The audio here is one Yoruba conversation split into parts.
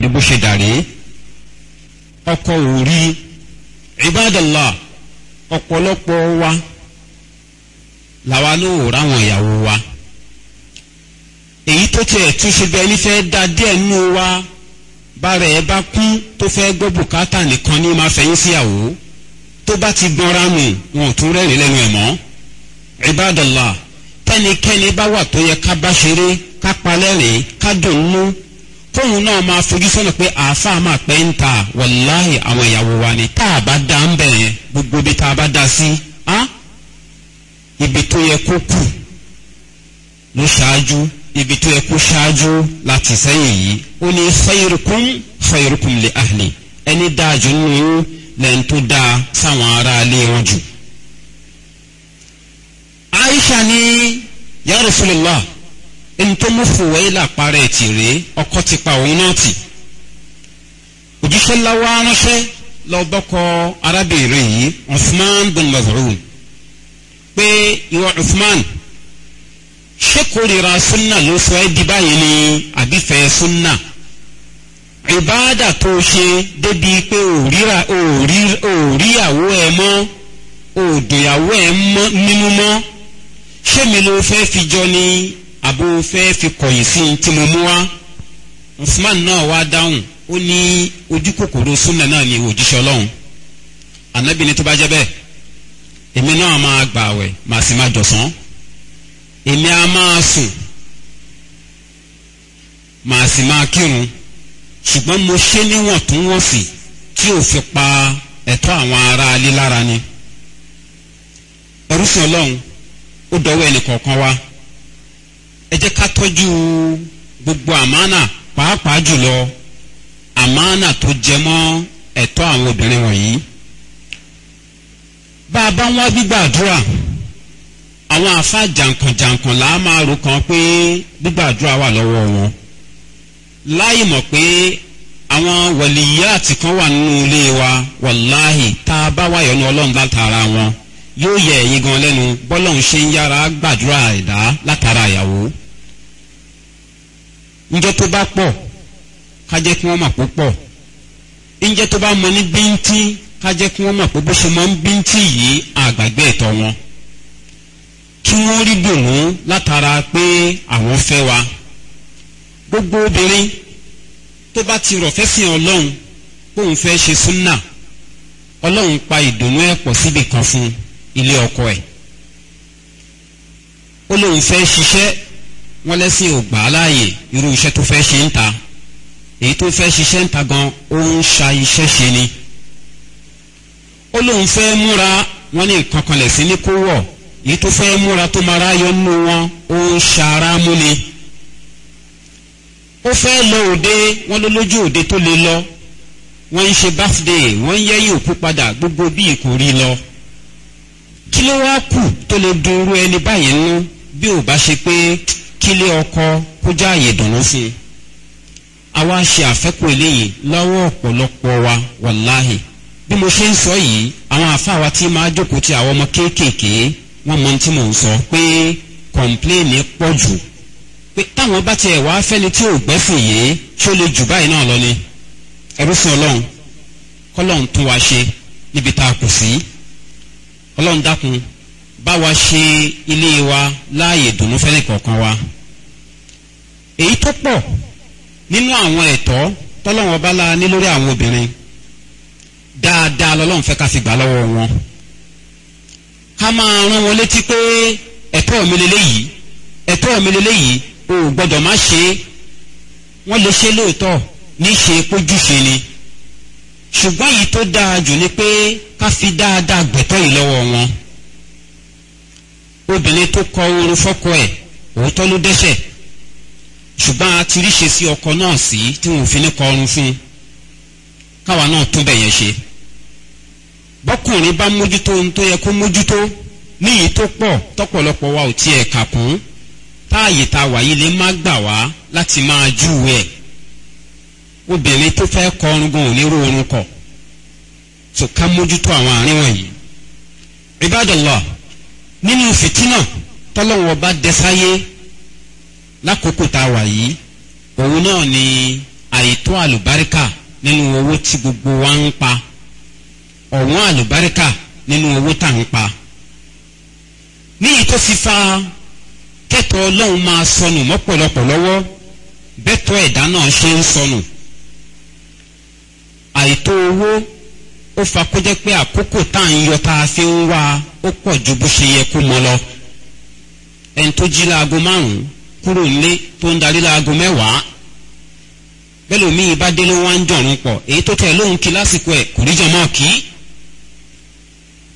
ní bó ṣe dàrí ọkọ ò rí ibadallah ọ̀pọ̀lọpọ̀ wa làwa ló wò ráwọn ìyàwó wa èyí tó tiẹ̀ tún ṣe bẹ́ẹ̀ ní fẹ́ da díẹ̀ nínú wa bára ẹ bá kú tó fẹ́ gbọ́ bùkátà nìkan ní máa fẹ́yìn síyàwó tó bá ti gbọ́nra nù wọn ò tún rẹ́rìn lẹ́nu ẹ̀ mọ́ ibadallah tẹ́nikẹ́ni bá wà tó yẹ ká bá ṣeré ká palẹ́rìn ká dùn nú tóun náà máa fojú sọ́nà pé àáfàá máa pẹ́ ń ta wàláhì àwọn ìyàwó wa ni tá a bá dá ń bẹ̀ yẹn gbogbo ibi tá a bá dá sí ibi tó yẹ kó kù ló ṣáájú ibi tó yẹ kó ṣáájú láti sẹ́yìn yìí ó ní fẹ́yìrìkún fẹ́yìrìkún lè àhlè ẹni dáa jù lẹ́yìn tó dáa sáwọn ará ilé wọn jù. aisha ni ya rasulillah ẹni tó mú fòwọ́ yìí làpárẹ̀ tì rèé ọkọ ti pa òun náà tì òjíṣẹ́ ńlá wa ránṣẹ́ lọ bọ́kọ arábìnrin yìí Usman bin Maz'un pé ìwọ Usman ṣé kórìíra súnà ló sọ ẹ́ di báyìí ni àbífẹ́ súnà ìbáàdà tó ṣe débi pé òríyàwó ẹ mọ́ òdòyàwó ẹ mọ́ mọ́ ṣé mi ló fẹ́ fi jọ ni àbò fẹ́ fi kọ̀yìn sí i tí mo mú wá Usman náà wá dáhùn ó ní ojú kòkòrò súnà náà ni òjíṣẹ́ ọlọ́run ànábì ni tó bá jẹ́ bẹ́ẹ̀ èmi náà máa gbààwẹ̀ màá sì máa jọ̀sán èmi á máa sùn màá sì máa kírun ṣùgbọ́n mo ṣe níwọ̀ntúnwọ̀nsì tí ò fi pa ẹ̀tọ́ àwọn ará alé lára ni ẹrú ọlọ́run ó dọwọ́ ẹnì kọ̀ọ̀kan wa ẹ jẹ́ ká tọ́jú gbogbo àmánà pàápàá jùlọ àmánà tó jẹ mọ́ ẹ̀tọ́ àwọn obìnrin wọ̀nyí. bá a bá wọn gbígbàdúrà àwọn àfa jàǹkànjàǹkàn là á máa rò kan pé gbígbàdúrà wà lọ́wọ́ wọn láì mọ̀ pé àwọn wàlíyáàtì kan wà nínú ilé wa wàláhì tá a bá wáyọ̀ ní ọlọ́run látara wọn yóò yẹ ẹ̀yin gan lẹ́nu bọ́lọ́run ṣe ń yára gbàdúrà ẹ̀dá látara ìyàwó njẹ́ tó bá pọ̀ ká jẹ́ kí wọ́n mọ̀ pé pọ̀ njẹ́ tó bá mọ ní bíntín ká jẹ́ kí wọ́n mọ̀ pé bó ṣe mọ ń bíntín yìí àgbàgbé ẹ̀tọ́ wọn kí wọ́n rí dùnú látara pé àwọn fẹ́ wa gbogbo obìnrin tó bá ti rọ̀ fẹ́sìn ọlọ́run bóun fẹ́ ṣe súnà ọlọ́run pa ìdùnnú ẹ̀ pọ̀ síbi kan fún ilé ọkọ ẹ̀ ó lóun fẹ́ ṣiṣẹ́ wọ́n lẹ́sìn ò gbà á láàyè irú iṣẹ́ tó fẹ́ ṣe ń ta èyí tó fẹ́ ṣiṣẹ́ ń ta gan ó ń ṣa iṣẹ́ ṣe ni ó lóun fẹ́ múra wọ́n ní nǹkan kan lẹ̀sìn ní kó wọ̀ èyí tó fẹ́ múra tó máa ráyọ nínú wọn ó ń ṣara mú ni ó fẹ́ lọ òde wọ́n ló lójú òde tó lè lọ wọ́n ń ṣe birthday wọ́n ń yẹ́yìn òkú padà gbogbo bíi kò rí lọ kí ló wá kù tó lè dun irú ẹni báyìí nú bí ò bá ṣe pé kílé ọkọ kó já àyè dùnú fún un àwa ṣe àfẹ́kù eléyìí lọ́wọ́ ọ̀pọ̀lọpọ̀ wa wàláhì bí mo ṣe ń sọ yìí àwọn àfa wa tí máa jókòó ti àwọn ọmọ kéékèèké wọ́n mọ tí mò ń sọ pé kọ̀ǹpléènì pọ̀ jù pé táwọn bá tiẹ̀ wá fẹ́ni tí ò gbẹ́fìn yìí ṣó lè jù báyìí náà lọ ni ẹrú fún ọlọ́run kọ́lọ́run tún wa ṣe níbi tá a kù sí ọlọ́run dákun bá wa ṣe ilé wa láàyè dùnú fẹ́ni kọ̀ọ̀kan wa èyí tó pọ̀ nínú àwọn ẹ̀tọ́ tọ́lọ́wọ́n bá la ní lórí àwọn obìnrin dáadáa lọ́lọ́run fẹ́ ká fi gbà lọ́wọ́ wọn ká máa rán wọn létí pé ẹ̀tọ́ mi lélẹ́yìí ẹ̀tọ́ mi lélẹ́yìí o ò gbọ́dọ̀ má ṣe é wọ́n lè ṣe lóòótọ́ níṣe pójúṣe ni ṣùgbọ́n èyí tó dáa jù ni pé ká fi dáadáa gbẹ̀tọ́ yìí lọ́wọ́ wọn obìnrin tó kọ oorun fọ́kọ ẹ̀ òótọ́ ló dẹ́ṣẹ̀ ṣùgbọ́n a ti ríṣe sí ọkọ náà sí tí wọn ò fi ní kọ oorun fún un káwa náà tún bẹ̀ yẹn ṣe bọ́kùnrin bá mójútó ohun tó yẹ kó mójútó níyì tó pọ̀ tọ́pọ̀lọpọ̀ wa ò tiẹ̀ kà kún táàyè tá a lè má gbà wá láti máa júwe ẹ̀ obìnrin tó fẹ́ kọ orun gan ò ró orun kọ̀ tó ká mójútó àwọn àárín wọ̀nyí ibadallah nínú fìtínà tọ́lọ́wọ́ bá dẹ́sáyé lákòókò tá a wà yìí òun náà ni àìtó àlùbáríkà nínú owó tí gbogbo wa ń pa ọ̀wọ́n àlùbáríkà nínú owó tá à ń pa níyì tó fi fa kẹ́tọ̀ ọlọ́run máa sọnù mọ́pọ̀lọpọ̀ lọ́wọ́ bẹ́tọ̀ ẹ̀dá náà ṣe ń sọnù àìtó owó ó fa kó jẹ́ pé àkókò tá à ń yọ tá a fi ń wá ó pọ̀ ju bó ṣe yẹ kó mọ lọ. ẹni tó jí láago márùn-ún kúrò nílé tó ń darí láago mẹ́wàá bẹ́ẹ̀ lómiì bá dé ló wá ń jọ̀rún pọ̀ èyí tó tẹ̀ lóhùn kí lásìkò ẹ̀ kò rí jọmọ́ kí.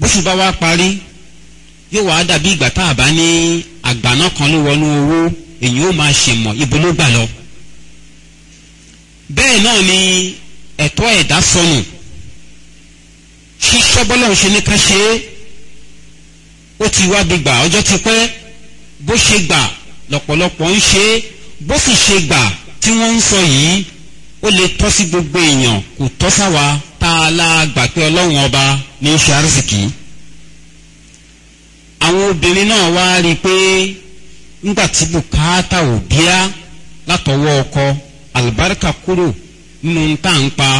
bóṣù bá wá parí yóò wá dàbí ìgbà tá a bá ní àgbàná kan ló wọnú owó èyí ó máa ṣèmọ̀ ibo ló gbà lọ. bẹ́ẹ̀ náà ni ẹ̀tọ́ ẹ̀dá sọnù. E ṣíṣe bọ́lá ń ṣe ní ká ṣe é ó ti wá di gbà ọjọ́ ti pẹ́ bó ṣe gbà lọ́pọ̀lọpọ̀ ń ṣe é bó sì ṣe gbà tí wọ́n ń sọ yìí ó lè tọ́ sí gbogbo èèyàn kò tọ́ sáwa tá a la gbà pé ọlọ́run ọba ní í ṣe àrísìkì àwọn obìnrin náà wá rí i pé nígbà tí bùkátà ò bíá látọwọ́ ọkọ àlùbáríkà kúrò nínú tá à ń pa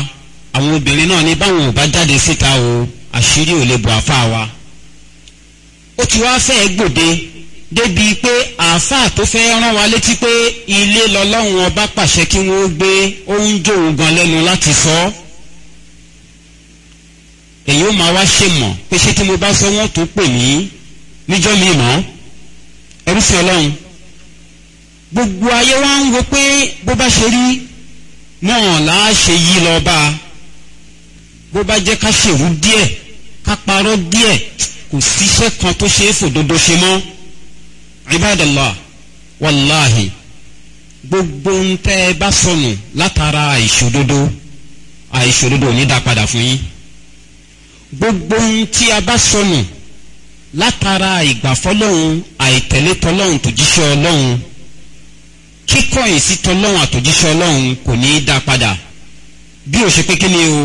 àwọn obìnrin náà ní báwọn ò bá jáde síta o àṣírí ò lè bò àfa wa ó ti wá fẹ́ gbòde débi pé àáfàá tó fẹ́ rán wa létí pé ilé lọ́lọ́run ọba pàṣẹ kí wọ́n gbé oúnjẹ òun gan lẹ́nu láti sọ ọ́ èyí ó máa wá ṣe mọ̀ pé ṣé tí mo bá sọ wọ́n tó pè mí níjọ́ mi mọ́ ẹrú sí ọlọ́run gbogbo ayé wa ń wo pé bó bá ṣe rí náà là ṣe yí lọ bá a bó bá jẹ́ ká ṣèrú díẹ̀ ká parọ́ díẹ̀ kò síṣẹ́ kan tó ṣe é fòdodo ṣe mọ́ ibadallah wàláhì gbogbo ń tẹ́ ẹ bá sọnù látara àìṣòdodo àìṣòdodo ò ní dá padà fún yín gbogbo ń tí a bá sọnù látara ìgbàfọ́lọ́hún àìtẹ̀lé tọlọ́hún tòjíṣẹ́ ọlọ́hún kíkọ́ ìsítọ́lọ́hún àtòjíṣẹ́ ọlọ́hún kò ní í dá padà bí ó ṣe pé kí ni o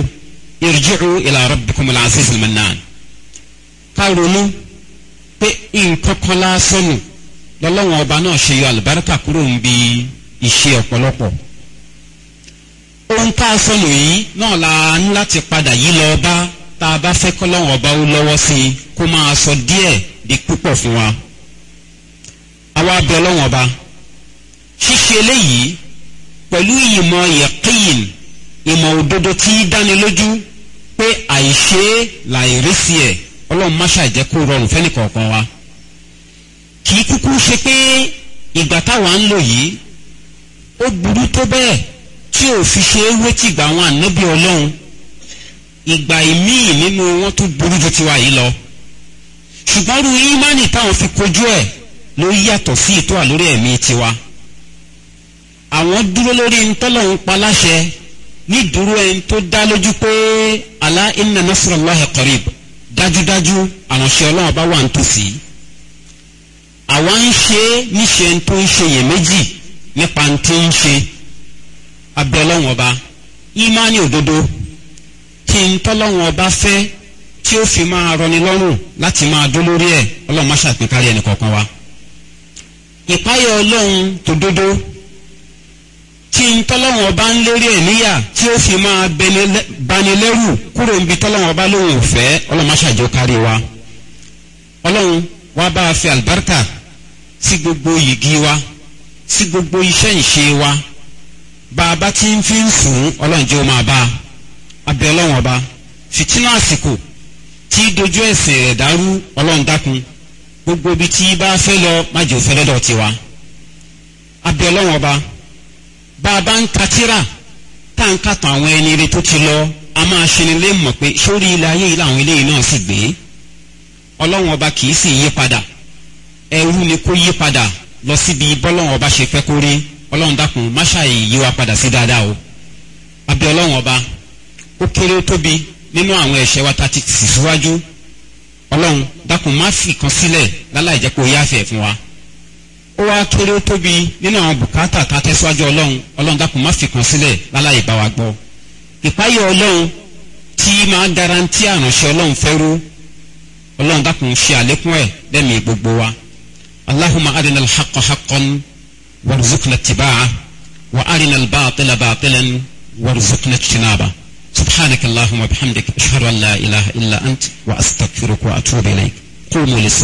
irji'u ila rabbikumul azizil mannan ká ronú pé nǹkan kan lásán nù lọ́lọ́wọ́n ọba náà ṣe yọ àlùbáríkà kúrò ń bi ìṣe ọ̀pọ̀lọpọ̀ ohun tá a sọnù yìí náà la ní láti padà yí lọ bá tá a bá fẹ́ kọ́lọ́wọ́n ọba ó lọ́wọ́ sí i kó máa sọ díẹ̀ di púpọ̀ fún wa àwa bẹ ọlọ́wọ́n ọba ṣíṣe eléyìí pẹ̀lú ìmọ̀ yẹ̀kíyìn ìmọ̀ òdodo tí í dánilójú pé àìṣe làìrísí ẹ̀ ọlọ́run má ṣàjẹ́ kó rọrùn fẹ́ni kọ̀ọ̀kan wa kì í kúkú ṣe pé ìgbà táwa ń lò yìí ó burú tó bẹ́ẹ̀ tí ò fi ṣe é wé tìgbà àwọn ànábì ọlọ́run ìgbà ìmíì nínú wọn tó burú ju tiwa yìí lọ ṣùgbọ́n ru ìmánì táwọn fi kojú ẹ̀ ló yàtọ̀ sí ìtọ́ àlórí ẹ̀mí tiwa àwọn dúró lórí ntọ́lọ́run pa láṣẹ ní dúró ẹni tó dá lójú pé alá inna nasrallahi qarib dájúdájú àránṣẹ́ ọlọ́run bá wà nítòsí àwa ń ṣe níṣe tó ń ṣe iyèméjì nípa tí ń ṣe abẹ́ ọlọ́run ọba ìmánì òdodo kí n tọ́lọ́run ọba fẹ́ tí ó fi máa rọni lọ́rùn láti máa dó lórí ẹ̀ ọlọ́run má ṣàpín ẹnì kọ̀ọ̀kan wa ìpáyọ̀ ọlọ́run tòdodo kí n tọ́lọ́wọ̀n ń lérí ẹ̀ níyà tí ó fi máa banilẹ́rù kúrò níbi tọ́lọ́wọ̀n ọba lóhùn ọ̀fẹ́ ọlọ́mọṣàjọ kárí wa ọlọ́run wá bá a fi àlùbáríkà sí gbogbo yìgì wa sí gbogbo iṣẹ́ ìṣe wa bá a bá ti ń fi ń sùn ọlọ́run jẹ́ ó máa bá a abẹ́ ọlọ́run ọba fìtínà àsìkò tí dojú ẹ̀sìn rẹ̀ dàrú ọlọ́run dákun gbogbo ibi tí bá fẹ́ lọ májò fẹ́ lọ́dọ̀ tiwa abẹ́ ọlọ́run ọba a bá ń ka tíra tá à ń kàtàn àwọn ẹni ire tó ti lọ a máa ṣe ni lé mọ̀ pé sórí ilé ayé yìí làwọn eléyìí náà sì gbé ọlọ́run ọba kì í sì yí padà ẹrú ni kó yí padà lọ síbi bọ́lọ́run ọba ṣe fẹ́ kó rí ọlọ́run dákun má ṣàì yí wa padà sí dáadáa o abẹ́ ọlọ́run ọba ó kéré tóbi nínú àwọn ẹ̀ṣẹ̀ wa ta ti sì síwájú ọlọ́run dákun má fi sílẹ̀ láláì jẹ́ kó yáfẹ́ fún wa ó wá kéré tóbi nínú àwọn bùkátà tá a tẹ́ síwájú ọlọ́run ọlọ́run dákun má fi kan sílẹ̀ láláyè bá wa gbọ́ ìpáyọ̀ ọlọ́run tí máa garanti àránṣẹ́ ọlọ́run fẹ́ ró ọlọ́run dákun ṣe àlékún ẹ̀ lẹ́mìí gbogbo wa allahumma arina alhaqa haqqan warzuqna tibaa wa arina albaatila baatilan warzuqna tinaba subhanaka allahumma bihamdik ashhadu an la ilaha illa ant wa astaghfiruka wa atubu ilayk qumu lis